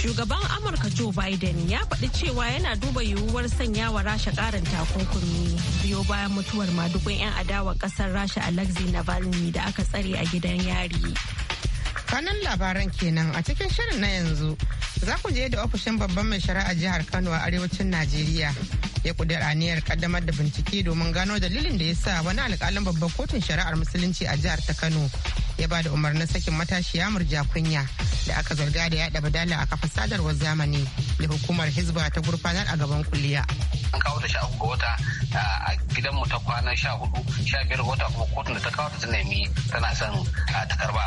Shugaban Amurka Joe Biden ya faɗi cewa yana duba yiwuwar sanya wa Rasha ƙarin takunkumi biyo bayan mutuwar madugun 'yan adawar ƙasar Rasha Alexei Navalny da aka tsare a gidan yari. kanan labaran kenan a cikin shirin na yanzu za ku je da ofishin babban mai shari'a jihar kano a arewacin najeriya ya kudura aniyar kaddamar da bincike domin gano dalilin da ya sa wani alkalin babban kotun shari'ar musulunci a jihar ta kano ya ba da umarnin sakin matashiya murja kunya da aka zarga da yada badala a kafa sadarwar zamani da hukumar hizba ta gurfanar a gaban kuliya an kawo ta sha a gidanmu ta kwana sha hudu sha biyar wata kuma kotun da ta kawo ta tana son ta karba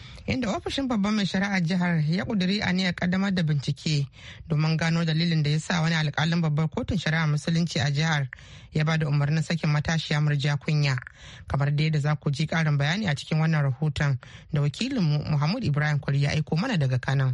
inda ofishin babban mai shari'ar jihar ya kuduri aniyar kaddamar da bincike domin gano dalilin da ya sa wani alkalin babbar kotun shari'ar musulunci a jihar ya ba da umarnin sakin matashiya murja kunya kamar da yadda za ku ji karin bayani a cikin wannan rahoton da wakilinmu muhammad ibrahim kwari ya aiko mana daga kanan.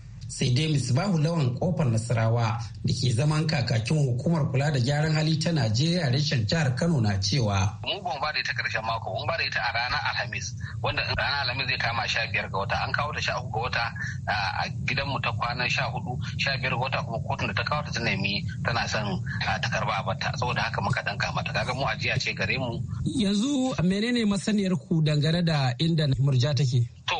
sai dai misbahu lawan kofar nasarawa da ke zaman kakakin hukumar kula da gyaran hali ta najeriya reshen jihar kano na cewa mu ba ba da ita karshen mako mun ba da ita a ranar alhamis wanda ranar alhamis zai kama sha biyar ga wata an kawo ta sha ga wata a gidanmu ta kwanan sha hudu sha biyar ga wata kuma kotun da ta kawo ta nemi tana son ta karba a bata saboda haka muka danka mata kaga mu ajiya ce gare mu yanzu menene masaniyar ku dangane da inda murja take to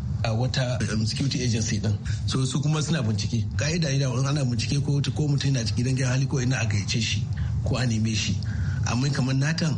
a wata um, security agency din so su kuma suna bincike ka'ida ne da wani ana bincike ko ko mutum na cikin gidan hali ko ina a gaice shi ko a neme shi amma kamar natan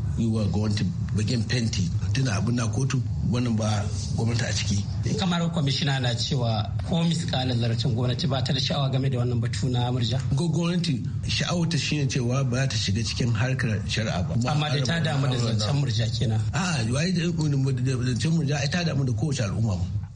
yi wa gwamnati bakin fenti tuna abin na kotu wannan ba gwamnati a ciki. kamar kwamishina na cewa ko miskalin zarafin gwamnati ba ta da sha'awa game da wannan batu na murja. ko gwamnati sha'awata shine cewa ba ta shiga cikin harkar shari'a ba. amma da ta damu da zancen murja kenan. a zancen murja ta damu da kowace al'umma mu.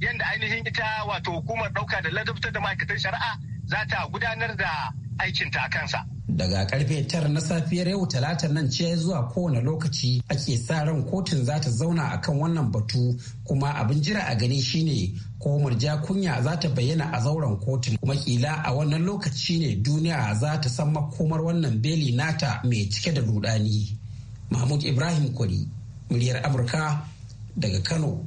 yadda ainihin ita wato hukumar ɗauka da ladabtar da ma'aikatan shari'a za ta gudanar da aikin ta kansa. Daga karfe tara na safiyar yau talatar nan ce zuwa kowane lokaci ake sa ran kotun za ta zauna a kan wannan batu kuma abin jira a gani shine ko murja kunya za ta bayyana a zauren kotun kuma kila a wannan lokaci ne duniya za ta san makomar wannan beli nata mai cike da rudani. Mahmud Ibrahim Kwari, muryar Amurka daga Kano.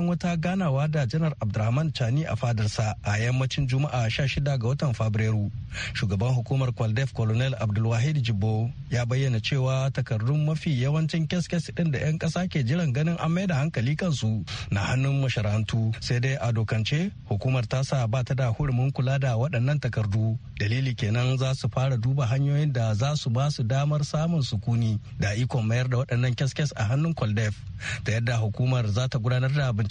bayan wata ganawa da janar abdulrahman chani a fadarsa a yammacin juma'a 16 ga watan fabrairu shugaban hukumar kwaldef colonel abdulwahid jibo ya bayyana cewa takardun mafi yawancin kes-kes din da 'yan kasa ke jiran ganin an mai da hankali kansu na hannun masharantu sai dai a dokance hukumar ta sa ba ta da hurumin kula da waɗannan takardu dalili kenan za su fara duba hanyoyin da za su ba su damar samun sukuni da ikon mayar da waɗannan kes-kes a hannun kwaldef ta yadda hukumar za ta gudanar da bincike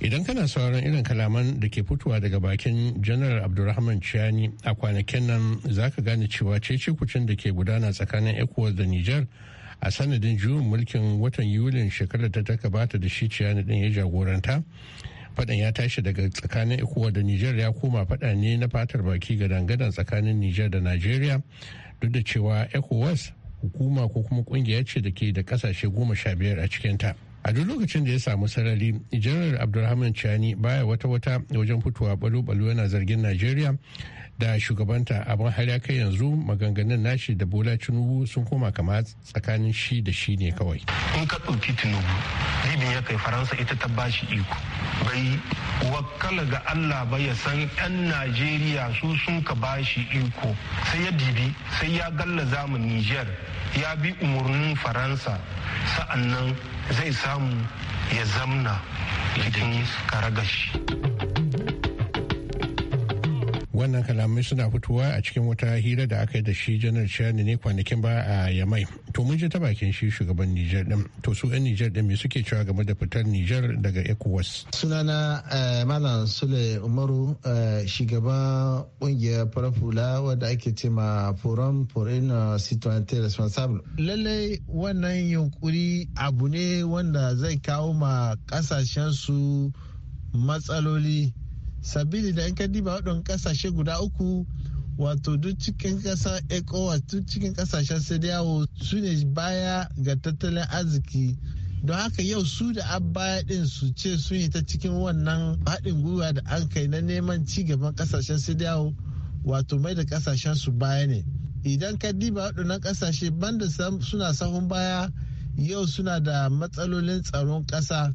idan kana sauran irin kalaman da ke fitowa daga bakin janar abdulrahman chiani a kwanakin nan za ka gane cewa cecekucin da ke gudana tsakanin ecuador da niger a sanadin juyin mulkin watan yulin shekarar ta ta gabata da shi chiani din ya jagoranta fadan ya tashi daga tsakanin ecuador da niger ya koma fada ne na fatar baki ga dangadan tsakanin niger da nigeria duk da cewa ecowas hukuma ko kuma kungiya ce da ke da kasashe goma sha biyar a cikinta. ta a duk lokacin da ya samu sarari janar abdulrahman chani baya wata wata wajen fitowa balo-balo yana zargin nigeria da shugabanta abin har ya kai yanzu maganganun nashi da bola tinubu sun koma kama tsakanin shi da shi ne kawai in ka ɗauki tinubu libya ya kai faransa ita ta bashi iko bai wakala ga allah ba ya san yan najeriya su sun ka ba shi iko sai ya dibi sai ya galla zamu niger ya bi umarnin faransa sa'annan zai samu ya zamna cikin karagashi. wannan kalamai suna fitowa a cikin wata hira da aka yi da shi janar shani ne kwanakin ba a yamai to mun je ta bakin shi shugaban nijar din to su yan nijar din me suke cewa game da fitar nijar daga ecowas sunana eh, malam sule umaru eh, shugaban kungiyar farafula wadda ake ce ma forum for in Situante responsable lallai wannan yunkuri abu ne wanda zai kawo ma kasashen su matsaloli sabili da in ka diba waɗin kasashe guda uku wato duk cikin ƙasar ecowas duk cikin ƙasashen sadiyawo su ne baya ga tattalin arziki don haka yau su da baya din su ce sun yi ta cikin wannan haɗin gwiwa da an kai na neman ci gaban ƙasashen sadiyawo wato mai da ƙasashen su baya ne idan ka diba waɗannan ƙasashe banda suna sahun baya yau suna da matsalolin tsaron ƙasa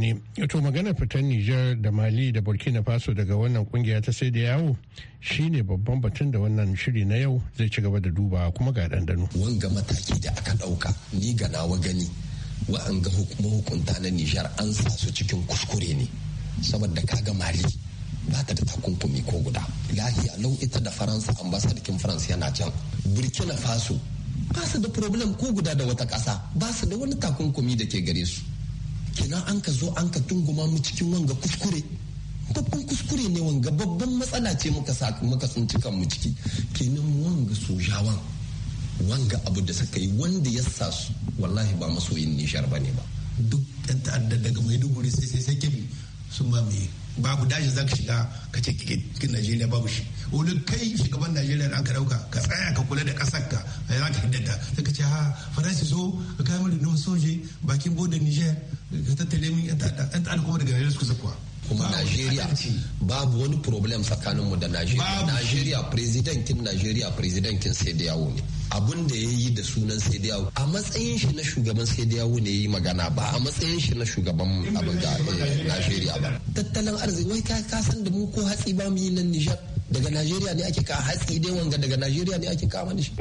ne to magana fitar Nijar da Mali da Burkina Faso daga wannan kungiya ta sai da yawo shine babban batun da wannan shiri na yau zai ci gaba da dubawa kuma ga dandano. Wanga mataki da aka ɗauka ni ga nawa gani wa'anga hukunta na Nijar an sa su cikin kuskure ne saboda kaga Mali ba ta da takunkumi ko guda. Lahiya a ita da Faransa ambasadikin Faransa yana can. Burkina Faso ba su da problem ko guda da wata ƙasa ba su da wani takunkumi da ke gare su. kina an ka zo an ka tunguma mu cikin wanga kuskure babban kuskure ne wanga babban matsala ce muka muka sun cikan mu ciki kenan wanga sojawan wanga abu da suka yi wanda ya sa su wallahi ba masoyin nishar ba ne ba duk ɗan ta'adda daga maiduguri sai sai sai kebbi sun yi babu dashi za ka shiga ka ce kikin najeriya babu shi wani kai shugaban najeriya da aka dauka ka tsaya ka kula da kasar ka a za ka hiddata sai ka ce ha faransi zo ka kai mana rundunar soje bakin bodin niger ka tattale min yan ta'adda kuma daga najeriya suka zakuwa Kuma Najeriya babu wani problem tsakaninmu da Najeriya. Najeriya presidentin Najeriya presidentin sai da yawo ne. Abun da ya yi da sunan sai da yawo a matsayin shi na shugaban sai da yawo ne ya yi magana ba a matsayin shi na shugaban abin da eh, Najeriya ba. Tattalin arziki wai ka san da mu ko hatsi ba mu yi nan Nijar. Daga Najeriya ne ake ka hatsi dai wanga daga Najeriya ne ake kama da shi.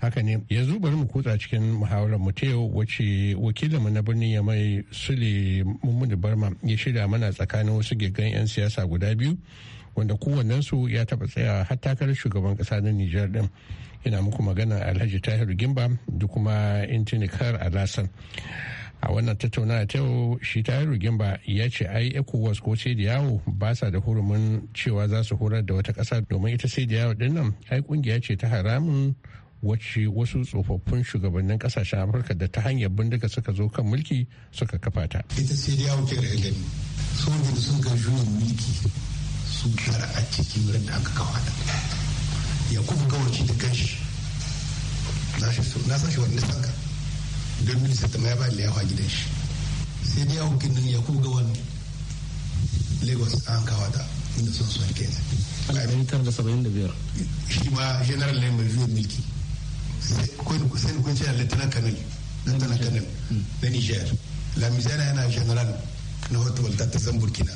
haka ne ya kutsa cikin muhawarar mu ta yau wace wakilinmu na birnin ya mai sule mummuni barma ya shirya mana tsakanin wasu gigan 'yan siyasa guda biyu wanda kowannensu ya taba tsaya har shugaban ƙasa na Nijar din Ina muku magana Alhaji Tahiru Gimba da kuma Intinikar Alasan. A wannan tattaunawa ta yau shi Tahiru Gimba ya ce ai ECOWAS ko sai da yawo ba sa da hurumin cewa za su horar da wata ƙasa domin ita sai da yawo ai kungiya ce ta haramun wacce wasu tsofaffin shugabannin kasashen afirka da ta hanyar bindiga suka zo kan mulki suka kafa ta ita sai dai yawon da ilimi sojin sun ga juyin mulki sun kara a cikin wurin da aka kawo da ya kuma gawarci da kanshi na sashi wanda saka don minista ta ya ba da yawa gidan shi sai dai yawon ginin ya kuma gawan lagos an kawo da inda sun suwan kenan. 1975 shi ma general ne mai juyin mulki Hussein kun ce da lieutenant colonel lieutenant colonel hmm. na Niger Lamizana yana general na Hot Volta ta Zan Burkina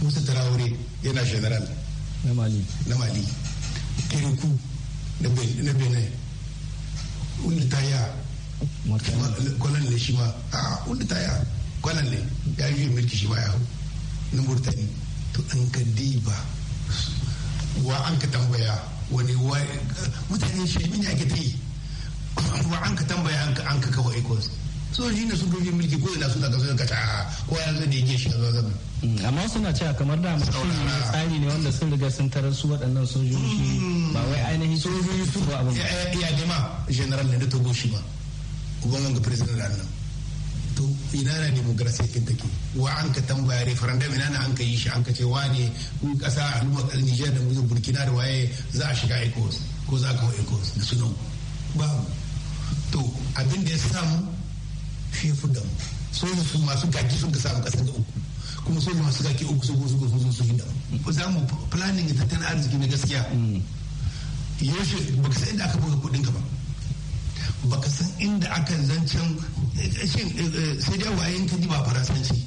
Musa Traore yana general na Mali na Mali Kiriku na Benin wanda ta yi kwanan ne shi ma a wanda ta yi kwanan ne ya yi mulki shi ma ya na Murtani to an ka diba wa an ka tambaya wani mutane shi ne ake ta yi faruwa an ka tambaya an ka an ka kawo ecos sojoji ne sojoji mulki ko ina suna kasar a ko ya zai da yake shi a zama mm, amma suna cewa kamar da masu tsari ne wanda sun riga sun tarar su waɗannan sojoji mm. ba wai ainihin sojoji su ba abin ya dima general ne da togo shi ba uban wanga president da nan to ina na demokrasiya kin take wa an ka tambaya referendum ina na an ka yi shi an ka ce wane ku kasa al'ummar ƙasar Nijar da Burkina da waye za a shiga ECOWAS ko za ka kawo ECOWAS da sunan babu to abin da ya samu shi ya So damu su masu gaki sun ka samu kasa da uku kuma so yi masu gaki uku su su su su hinda ku za mu planning da tattalin arziki na gaskiya mm. yaushe baka san inda aka buga kudin ka ba ka san inda aka zancen eh, shin eh, eh, sai dai wayen ka ba faransanci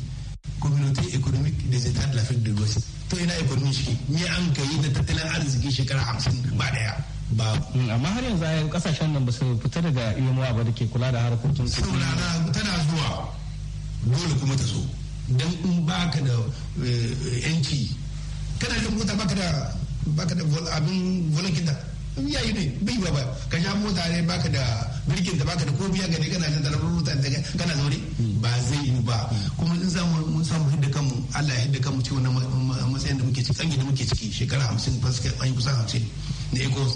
communauté économique des états de l'Afrique de l'Ouest to ina ekonomi shi me an kai da tattalin arziki shekara 50 ba daya ba mm, amma har yanzu ayyukan kasashen nan ba su fita daga yomowa ba da ke kula da harkokin su tana zuwa dole kuma ta zo don in baka da eh, yanki kana da mota baka da baka da abin volakin ya yi ne bai ba ka sha mota ne baka da birkin da baka da ko biya gani kana da talabar mota kana zaure ba zai yi ba kuma in za mu samu hidda kanmu Allah ya hidda kanmu ciwon matsayin da muke ciki tsangi da muke ciki shekara 50 fasika an yi kusa 50 na ecos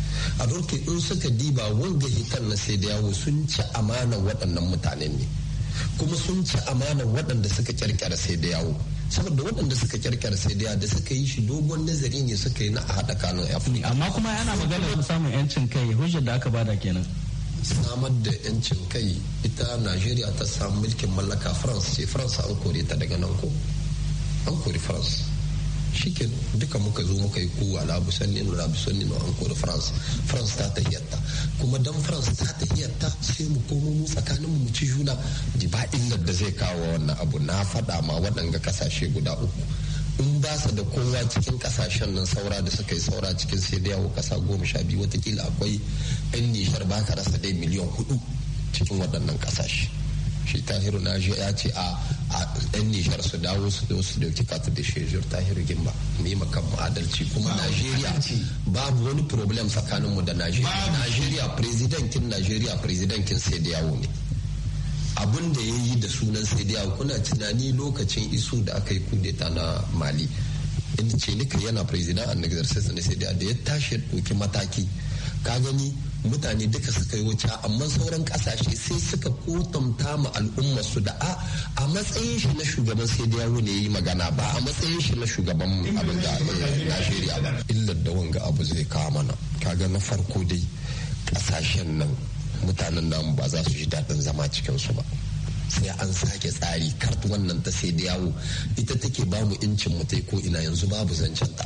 a lokacin in suka diba wanga hitar na sai da yawo sun ci amana waɗannan mutane ne kuma sun ci amana waɗanda suka kirkira sai da yawo saboda waɗanda suka kirkira sai da da suka yi shi dogon nazari ne suka yi na a haɗa kanun afirka amma kuma yana magana samun yancin kai hujjar da aka bada kenan samar da yancin kai ita najeriya ta samu mulkin mallaka france ce france an kore ta daga nan ko an kori france shikin duka muka zo muka yi kowa la busanni no la busanni no an da france france ta ta yatta kuma dan france ta ta yatta sai mu komo mu tsakanin mu ci juna ba inda da zai kawo wannan abu na faɗa ma waɗanga kasashe guda uku in ba su da kowa cikin kasashen nan saura da suka yi saura cikin sai da yawo kasa goma sha biyu watakila akwai yan nishar baka rasa dai miliyan hudu cikin waɗannan kasashe shi tahiru na ya ce a yan nishar su dawo su da wasu dauki katu da shejur tahiru gimba mai yi adalci kuma najeriya babu wani problem tsakanin mu da najeriya najeriya presidentin najeriya presidentin sai da yawo ne abun da ya yi da sunan sai da yawo kuna tunani lokacin isu da aka yi kudeta na mali inda ce nika yana president an exercise sai da ya tashi ɗauki mataki ka gani mutane duka suka yi wuta amma sauran kasashe sai suka kotamta ma al'ummar su da a matsayin shi na shugaban sai da yawo ne yi magana ba a matsayin shi na shugaban abin da eh, Najeriya ba illar da wanga abu zai kawo mana kaga na farko dai kasashen nan mutanen namu ba za su ji daɗin zama cikin su ba sai an sake tsari kar wannan ta sai da yawo ita take bamu incin mu ko ina yanzu babu zancen ta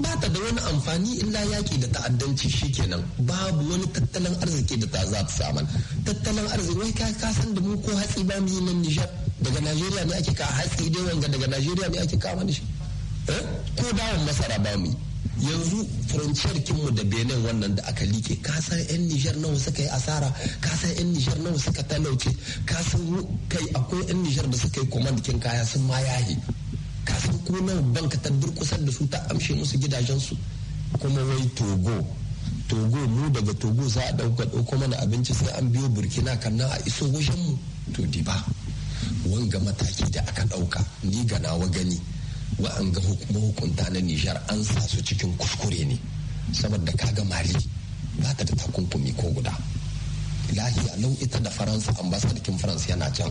ba ta da wani amfani illa yaƙi da ta'addanci shi kenan babu wani tattalin arziki da ta za ta tattalin arziki wai ka san da mu ko hatsi ba mu yi nan Nijar daga Najeriya ne ake ka hatsi dai wanga daga Najeriya ne ake kama shi eh? ko dawon masara ba mu yanzu furanciyar kinmu da benin wannan da aka like kasan yan nijar nawa suka yi asara kasan yan nijar nawa suka talauce kasan kai akwai yan nijar da suka yi kin kaya sun ma yahi turku na ban banka ta durkusar da su ta amshe musu gidajensu kuma wai togo togo mu daga togo za a ɗauka ɗauko mana abinci sai an biyo burkina kanna a iso wajen mu to di ba wanga mataki da aka ɗauka ni ga nawa gani wa'anga mahukunta na nijar an sa su cikin kuskure ne saboda kaga mali ba ta da takunkumi ko guda lahiya lau da faransa ambasadakin faransa yana can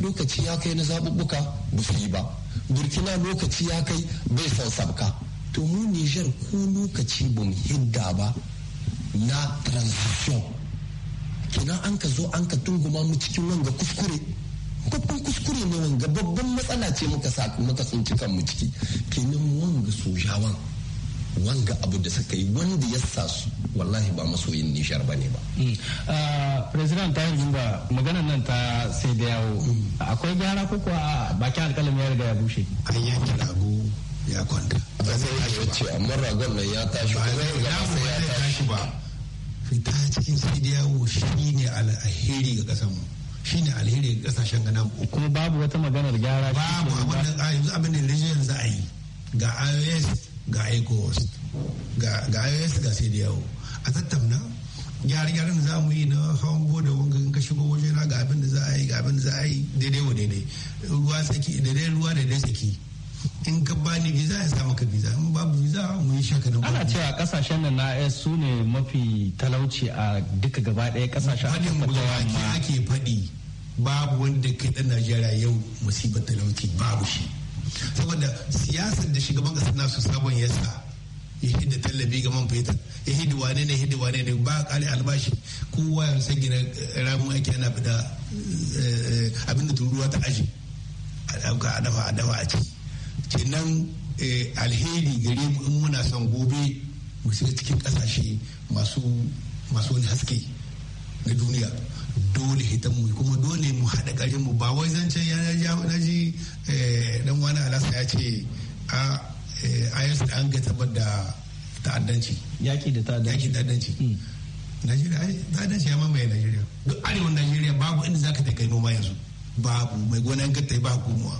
lokaci ya kai na zaɓuɓɓuka ba su yi ba burkina lokaci ya kai bai san sabka to mu nijar ko lokaci ba mu hidda ba na transition kina an ka zo an ka tunguma mu cikin wanga kuskure babban kuskure ne wanga babban matsala ce muka sa muka tsinci kanmu ciki kenan wanga sojawan wanga abu da suka yi wanda ya sa su wallahi ba masoyin nishar ba ne ba. Mm. Ah, president ta yanzu ba maganan nan ta sai da yawo mm. akwai gyara ko kuwa ah, bakin alkalin ya riga ya bushe. an yanke lagu ya kwanta. ba zai yi ya ce amma ragon nan ya tashi ba zai ga masa ya tashi ba. fita cikin sai da yawo shi ne alheri ga kasan mu. shi ne alheri ga ganan gana kuma babu wata maganar gyara. babu abin da yanzu abin da yanzu a yi ga ios ga ecowas ga ios ga sai da yawo a tattauna gyare-gyaren da za mu yi na hawan boda wanga in ka shigo waje na ga abin da za a yi ga abin da za a yi daidai wa daidai ruwa tsaki daidai ruwa daidai tsaki in ka ba ni visa ya samu ka visa in babu visa mu yi shaka na ana cewa kasashen da na AS su ne mafi talauci a duka gaba ɗaya kasashen fadin ake faɗi babu wanda ke dan Najeriya yau musibar talauci babu shi saboda siyasar da shugaban kasa na su sabon yasa ya hidda tallafi ga man fetur ya hidda wane ne hidda wane ne ba kare albashi kowa ya san gina ramin aiki ana fita eh, abin da turuwa ta aji a dauka a dafa a dafa a ci kenan eh, alheri gare mu in muna son gobe mu shiga cikin kasashe masu wani haske na duniya dole hitan mu kuma dole mu haɗa ƙarfin mu ba wai zancen ya ji eh, dan wani alasa ya ce a ayyansu eh, da an ga tabbar da ta'addanci yaki da ta'addanci ta'addanci hmm. Najeriya ta'addanci ya mamaye Najeriya duk arewa Najeriya babu inda zaka ta kai noma yanzu babu mai gona in ta ba gumuwa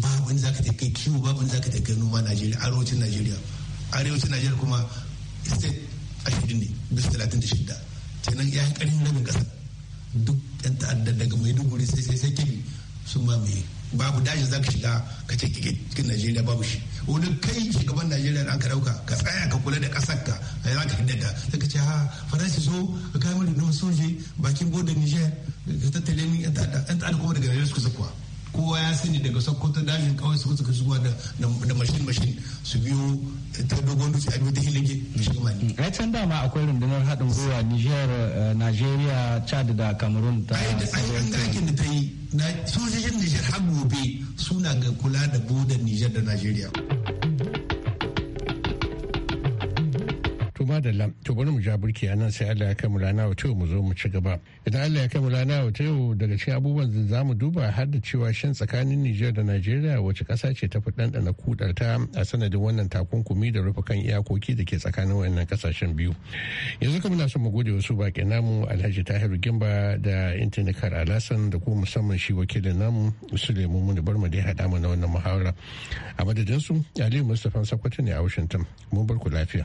babu inda zaka ta kai kiwo babu inda zaka ta kai noma Najeriya arewacin Najeriya arewacin Najeriya kuma state ashirin ne bis talatin da shidda kenan ya yi ƙarfin rabin ƙasa duk yan ta'addar daga mai duguri sai sai sai kiri sun mamaye babu daji za ka shiga ka ce cikin najeriya babu shi wani kai shugaban najeriya da an ka ɗauka ka tsaya ka kula da ƙasar ka a yi ka hiddata ta ka ce ha faransa so ka kai mari na soje bakin bodin niger ka tattale ni yan ta'addar kuma daga najeriya suka zakuwa kowa ya sani daga sokoto dajin kawai su suka shigo da mashin mashin su biyo ta dogon dutse a biyu ta hilage da shiga mali. ai can dama akwai rundunar haɗin gwiwa niger eh, nigeria chad da cameroon ta ake da ta yi sojojin niger har gobe suna ga kula da bodar niger da nigeria. To da to bari mu ja burki a nan sai Allah ya kai mu rana wa mu zo mu ci gaba. Idan Allah ya kai mu rana wa daga cikin abubuwan da za mu duba har da cewa shin tsakanin Nijar da Najeriya wace ƙasa ce ta fi ɗanɗana kudarta a sanadin wannan takunkumi da rufe kan iyakoki da ke tsakanin wannan ƙasashen biyu. Yanzu kuma muna so mu gode wasu baƙi namu Alhaji Tahiru Gimba da Kar Alasan da kuma musamman shi wakilin namu Suleiman Mumuni Barma da ya haɗa mu wannan muhawara. A madadinsu Aliyu Mustafa Sakwato ne a Washington. Mun bar ku lafiya.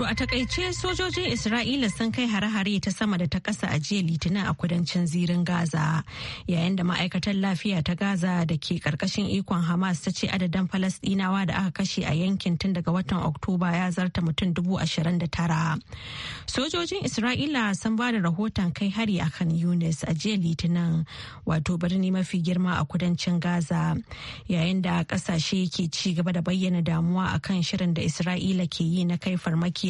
To a takaice sojojin Isra'ila sun kai hare-hare ta sama da ta kasa a jiya litinin a kudancin zirin Gaza yayin da ma'aikatar lafiya ta Gaza da ke karkashin ikon Hamas ta ce adadin Falasdinawa da aka kashe a yankin tun daga watan Oktoba ya zarta mutum dubu ashirin da tara. Sojojin Isra'ila sun ba da rahoton kai hari a kan Yunis a jiya litinin wato birni mafi girma a kudancin Gaza yayin da ƙasashe ke ci gaba da bayyana damuwa akan shirin da Isra'ila ke yi na kai farmaki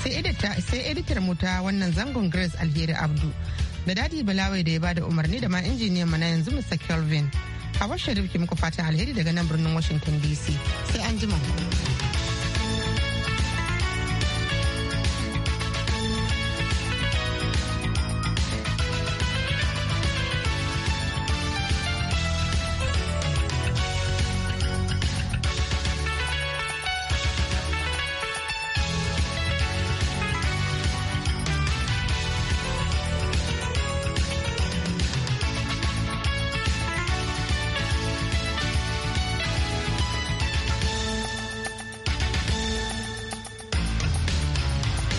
sai editar mu ta wannan zangon grace alheri abdu da dadi balawai da ya bada umarni da ma injiniyan mu na yanzu mr kelvin a washe muku fatan alheri daga nan birnin washington dc sai an jima.